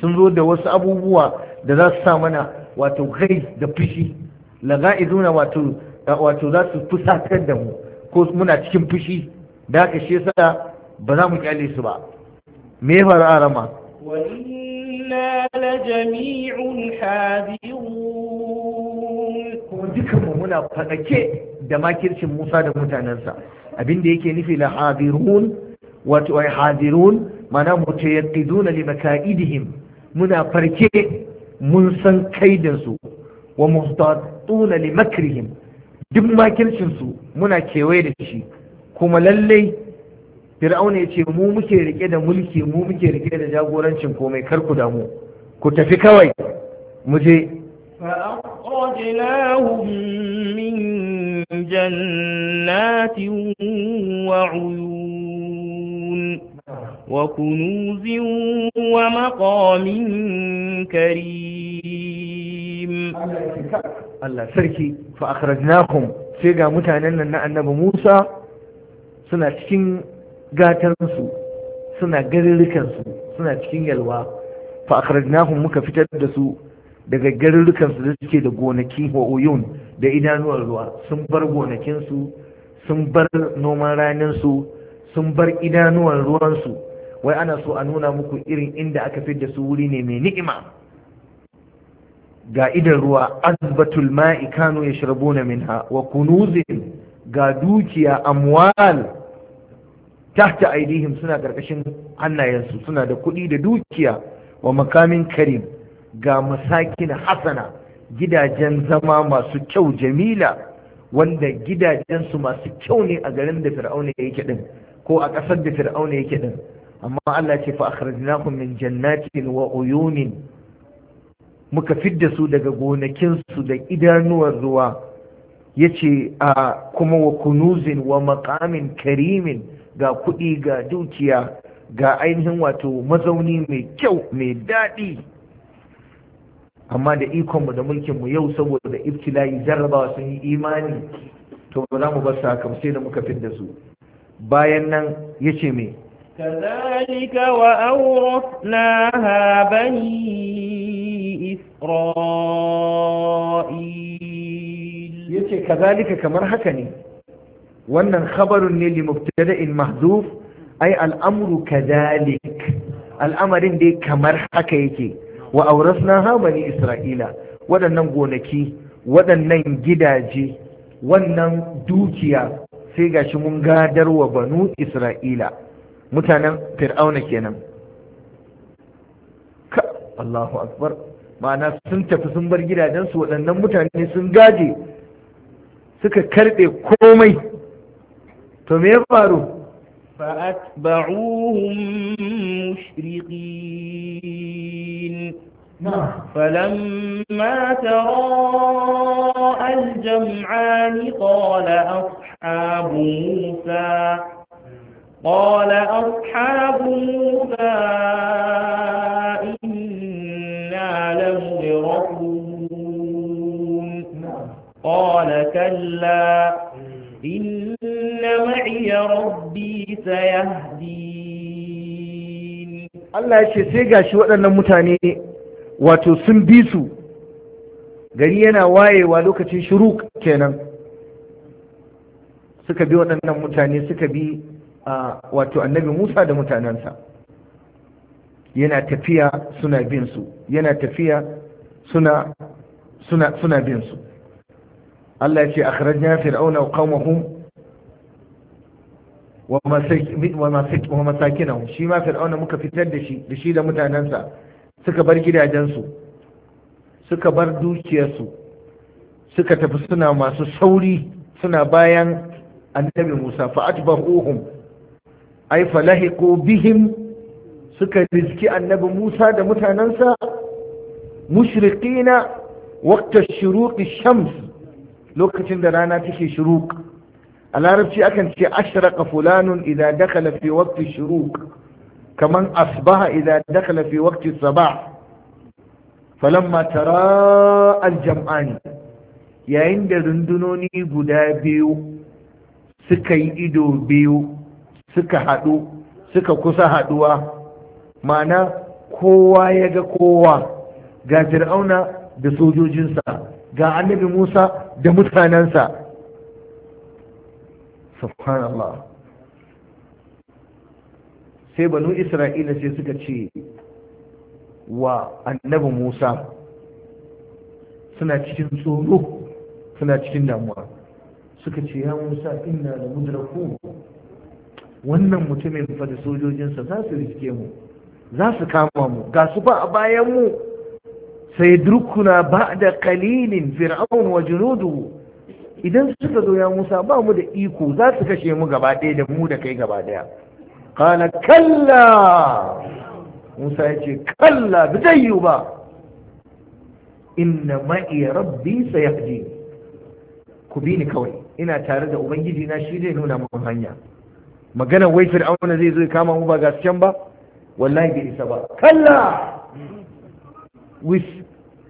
sun zo da wasu abubuwa da za su sa mana wato gai da fushi laza'izuna wato wato za su fusatar da mu ko muna cikin fushi da haka shi yasa ba za mu kyale su ba me ya faru a rama وإنا لجميع حاذرون kuma dukanmu muna faɗake da makircin Musa da mutanensa abinda yake nufi la hadirun mana mutayaqqiduna li muna farke mun san kaidan wa muhtatuna li duk makircin muna kewaye da shi kuma lallai Firauniyar ce mu muke riƙe da mulki mu ke riƙe da jagorancin komai kar ku damu ku tafi kawai mu je. Ƙoƙinahummin jannatin wa cuyun Allah sarki fa sai ga mutanen nan na Annabi Musa suna cikin gatansu suna garirrikansu suna cikin yalwa fa akhrajnahum muka fitar da su daga garirrikansu da suke da gonakin wa da idanuwar ruwa sun bar gonakinsu sun bar noman raninsu sun bar idanuwar ruwansu wai ana so a nuna muku irin inda aka fi da su wuri ne mai ni'ima ga idan ruwa azbatul ma'i kanu yashrabuna minha wa kunuzin ga dukiya amwal tahta aidihim suna karkashin hannayensu suna da kuɗi da dukiya wa makamin karim ga masakin hasana gidajen zama masu kyau jamila wanda gidajensu masu kyau ne a garin da fir'auna yake din ko a ƙasar da fir'auna ya din amma Allah ce fa hum min jannatin wa uyunin muka fidda su daga gonakinsu da idanuwar ruwa yace a kuma wa kunuzin wa maqamin karimin ga kuɗi ga dukiya ga ainihin wato mazauni mai kyau mai daɗi amma da ikonmu da mulkinmu yau saboda iftila'i jarrabawa sun yi imani to ba za mu bar sakam sai da muka da su bayan nan ya ce me كذلك وأورثناها بني إسرائيل يتي كذلك haka ne. wannan khabarun ne li mubtada'in mahdhuf ai al'amru kadhalik al'amarin dai kamar haka yake wa aurasna ha bani isra'ila waɗannan gonaki waɗannan gidaje wannan dukiya sai gashi mun gadar wa banu isra'ila mutanen fir'auna kenan ka Allahu akbar ma'ana sun tafi sun bar gidajensu waɗannan mutane sun gaje suka karɓe komai to me فأتبعوهم مشرقين نعم. فلما تراءى الجمعان قال أصحاب موسى قال أصحاب موسى إنا لمدركون نعم. قال كلا إن معي ربي سيهدين Allah ya ce sai gashi waɗannan mutane wato sun bi su gari yana wayewa lokacin shiru kenan suka bi waɗannan mutane suka bi wato annabi Musa da mutanensa yana tafiya suna bin su yana tafiya suna suna suna bin su Allah ce ce akhrajna fir'auna wa qaumahum wa masakinahum shi ma fir'auna muka fitar da shi da shi da suka bar gidajensu suka bar dukiyarsu suka tafi suna masu sauri suna bayan annabi Musa fa atbahuhum ay falahiqu bihim suka rizki annabi Musa da mutanensa mushriqina waqta shuruqi shams lokacin da rana take shuruk a larabci akan ce ashraka fulanun idza dakala fi waqti shuruq kaman asbaha idza dakala fi waqti sabah falamma tara al jaman yayin da rundunoni guda biyu suka yi ido biyu suka haɗu suka kusa haɗuwa ma'ana kowa ya ga kowa ga fir'auna da sojojinsa ga annabi Musa da mutanensa subhanallah sai banu isra'ila sai suka ce wa annabi musa suna cikin tsoro suna cikin damuwa suka ce ya musa inna da mudraku wannan mutumin fa da sojojinsa za su riske mu za su kama mu ga su ba a bayan mu Sai ba da qalilin fir'aun wa junuduhu idan suka zo ya Musa ba mu da iko za su kashe mu gaba ɗaya da mu da kai gaba ɗaya qala kalla Musa ya ce kalla bi zai yiwu ba inna ma'i rabbi sayahdi ku bi ni kawai ina tare da ubangiji na shi zai nuna mun hanya magana wai fir'auna zai zo ya kama mu ba gasken ba wallahi bai isa ba kalla with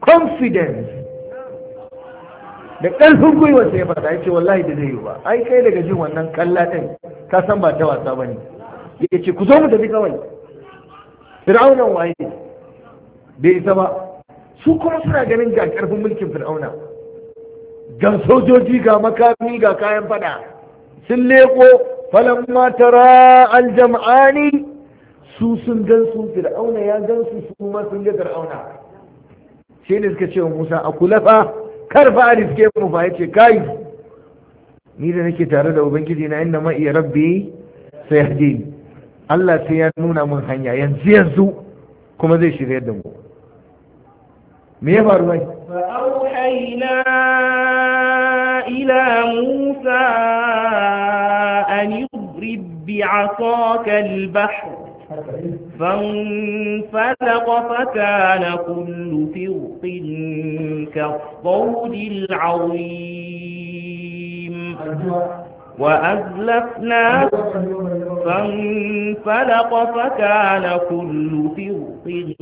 confidence da ƙarfin gwiwa sai ba ta ce wallahi da zai yi ba ai kai daga jin wannan kalla ɗin ka san ba ta wasa ba ne ya ce ku zo mu tafi kawai fir'aunan waye bai isa ba su kuma suna ganin ga ƙarfin mulkin fir'auna ga sojoji ga makami ga kayan fada sun leko falon matara, aljam'ani su sun gan su fir'auna ya gan su su ma sun ga fir'auna shi ne suka ce wa musa a kula fa kar fa a riske mu fa ya ce kai ni da nake tare da ubangiji na inda ma iya rabbi sai haji Allah sai ya nuna mun hanya yanzu yanzu kuma zai shirya da mu me ya faru mai فأوحينا إلى موسى أن يضرب بعصاك البحر فانفلق فكان كل فرق كالطود العظيم وأزلفنا فانفلق فكان كل فرق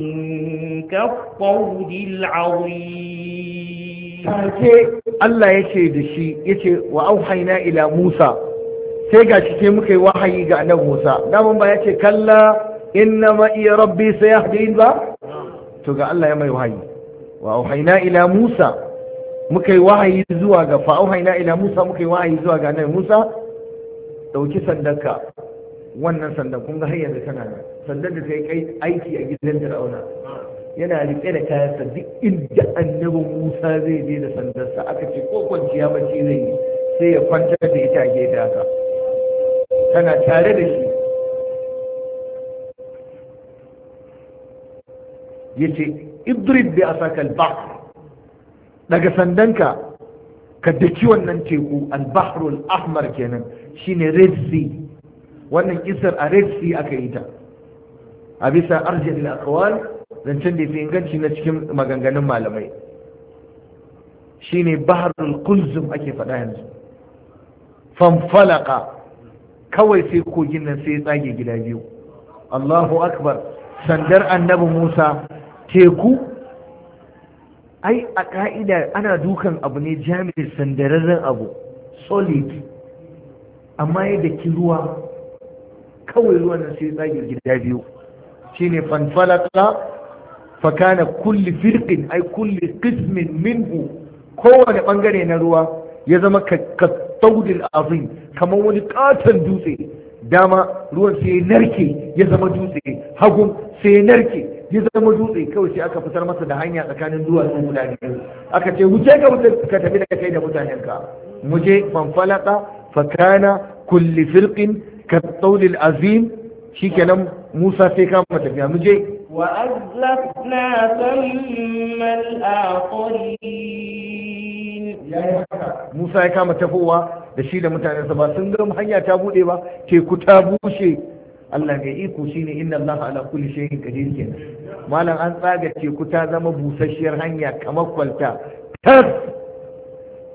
كالطود العظيم الله يشي دشي يشي وأوحينا إلى موسى sai ga shi sai muka yi wahayi ga annabi Musa dama ba ya ce kalla inna ma iya rabbi sai sayahdin ba to ga Allah ya mai wahayi wa auhayna ila Musa muka yi wahayi zuwa ga fa auhayna ila Musa muka yi wahayi zuwa ga nan Musa dauki sandanka wannan sandan kun ga har yanzu tana nan sandan da kai kai aiki a gidan Fir'auna yana rike da sa, duk inda annabi Musa zai je da sandarsa aka ce ko kwanciya mace zai yi sai ya kwantar da ita a gefe haka tana tare da shi yace idrib bi asaka bahr daga sandanka ka daki wannan teku al-bahr al-ahmar kenan shine red sea wannan kisar a red sea aka yi ta a bisa arji al aqwal zancen da fi inganci na cikin maganganun malamai shine bahr al-qulzum ake faɗa yanzu fanfalaka kawai sai kogin nan sai ya tsage gida biyu Allahu akbar sandar annabi Musa teku ai a ka'ida ana dukan abu ne jami'in sandararren abu solid amma ya ki ruwa kawai ruwa nan sai tsagir gida biyu Shi shine fanfalaka fakana kulli firqin ai kulli qismin minhu kowane bangare na ruwa ya zama kattaudil abin, kamar wani katon dutse dama ruwan sai narke ya zama dutse hagun sai narke ya zama dutse kawai sai aka fitar masa da hanya tsakanin duwatsu guda biyu aka ce wuce ka wuce ka tafi da kai da mutanen ka muje fanfalaka fakana kulli firqin ka tsaulil azim shikenan musa sai ka mata tafiya muje wa azlafna thumma al musa ya kama tafowa da shi da mutanen sa ba sun ga hanya ta bude ba teku ta bushe Allah ga iko ne inna Allah ala kulli shay'in qadir kenan malam an tsaga teku ta zama busasshiyar hanya kamar kwalta tas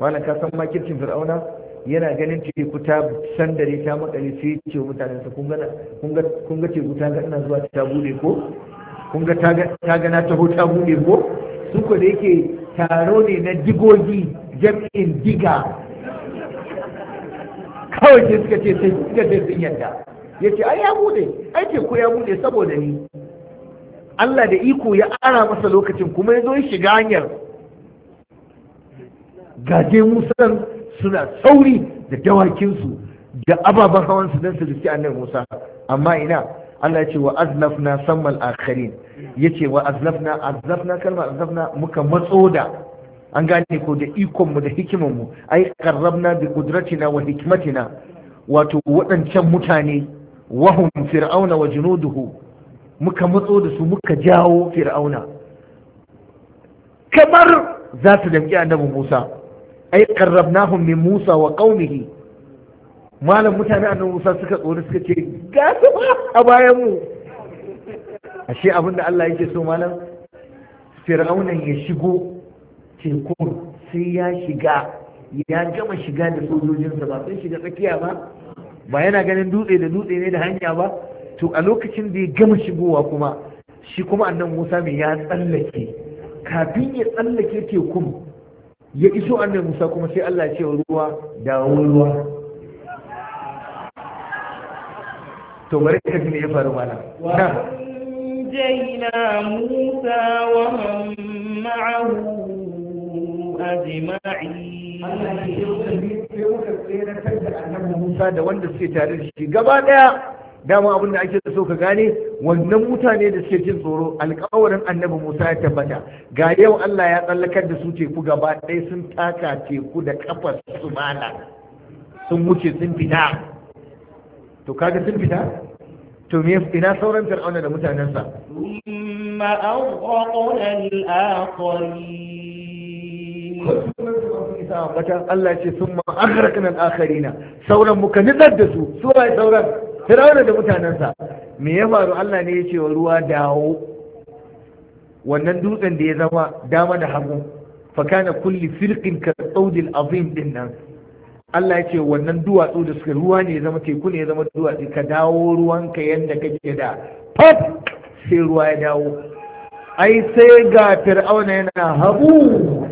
malam ka san makircin fir'auna yana ganin teku ta sandare ta makale sai ya ce mutanen sa kun ga kun ga teku ta ga ina zuwa ta bude ko kun ga ta ga na taho ta bude ko su ko da yake taro ne na digogi jam'in diga kawai ke suka ce sai suka ce sun yadda ya ce ai ya bude ai ce ko ya bude saboda ni Allah da iko ya ara masa lokacin kuma ya zo ya shiga hanyar gaje musan suna sauri da dawakinsu da ababen hawansu don su riski annabi musa amma ina Allah ya ce wa azlafna sammal akharin ya ce wa azlafna azlafna kalma azlafna muka matso da an gane ko da ikonmu da hikimanmu ai karrabna bi qudratina wa hikmatina wato waɗancan mutane wahum fir'auna wa junuduhu muka matso da su muka jawo fir'auna kamar za su damƙi annabi Musa ai qarrabnahum min Musa wa qaumihi malam mutane annabi Musa suka tsori suka ce ga su a bayan mu ashe abinda Allah yake so malam fir'auna ya shigo teku sai ya shiga ya gama shiga da sojojinsa ba sun shiga tsakiya ba ba yana ganin dutse da dutse ne da hanya ba to a lokacin da ya gama shigowa kuma shi kuma annan musa mai ya tsallake kafin ya tsallake tekun ya iso annan musa kuma sai allah ce ruwa dawo ruwa to bari ka ji ya faru mana na sai muka tseratar da annabi Musa da wanda suke tare da shi gaba daya dama abin da ake so ka gane wannan mutane da suke jin tsoro alkawarin annabi Musa ya tabbata ga yau Allah ya tsallakar da su teku gaba ɗaya sun taka teku da kafar su mana sun wuce sun fita to kaga sun fita to me ina sauran fir'auna da mutanensa thumma awqana al-akhirin isa ambatan Allah ce sun ma'akarakna na. sauran muka nitsar da su su ba sauran firawuna da mutanensa me ya faru Allah ne ya ce wa ruwa dawo wannan dutsen da ya zama dama da hagu fakana kulli firqin ka tsaudil azim din nan Allah ya ce wannan duwatsu da suka ruwa ne ya zama teku ne ya zama duwatsu ka dawo ruwanka yadda kake da fat sai ruwa ya dawo ai sai ga fir'auna yana hagu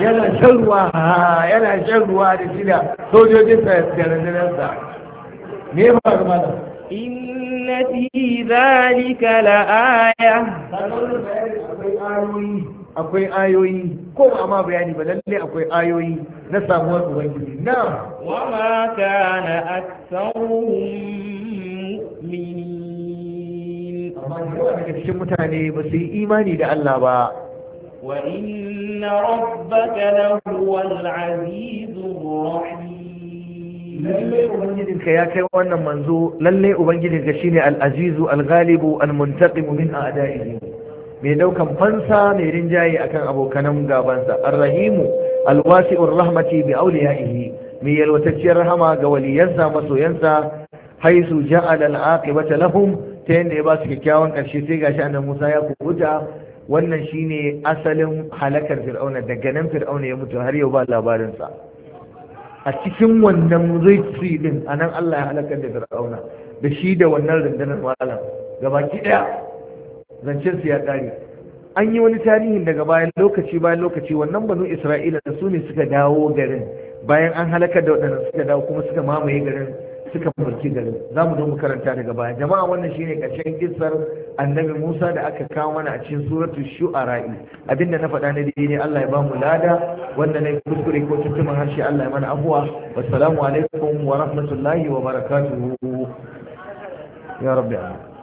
yana shan ruwa yana shan ruwa da shida sojojin sa da rundunar sa me ba ga mana inna fi zalika la aya akwai ayoyi ko ba ma bayani ba lalle akwai ayoyi na samuwar ubangiji na wa ma kana aktsaruhum mu'minin amma daga cikin mutane ba su yi imani da Allah ba وإن ربك لهو العزيز الرحيم للي أبنجدك يا كيوان منزو للي أبنجدك شيني العزيز الغالب المنتقم من أعدائه mai daukan fansa mai rinjaye akan abokanan gabansa arrahimu alwasi'ur rahmati bi awliyaihi mai yalwatacciyar rahama ga waliyansa masoyansa haisu ja'ala al'aqibata lahum ta yanda ya ba su kyakkyawan karshe sai gashi annabi Musa ya kubuta wannan shine asalin halakar fir'auna daga nan fir'auna ya mutu har yau ba labarinsa a cikin wannan zai din a nan Allah ya halakar da fir'auna da shi da wannan rundunar malam gabaki daya zancen su ya kare an yi wani tarihin daga bayan lokaci bayan lokaci wannan banu isra'ila da su ne suka dawo garin bayan an halakar da waɗannan suka dawo kuma suka mamaye garin suka farki garin za mu zo mu karanta daga baya jama'a wannan shine ƙarshen kissar annabi Musa da aka kawo mana a cikin suratu abin abinda na faɗa na dai ne Allah ya ba mu lada wanda ne kuskure ko tuntuman harshe Allah ya mana afuwa wassalamu alaikum wa rahmatullahi wa barakatuhu ya rabbi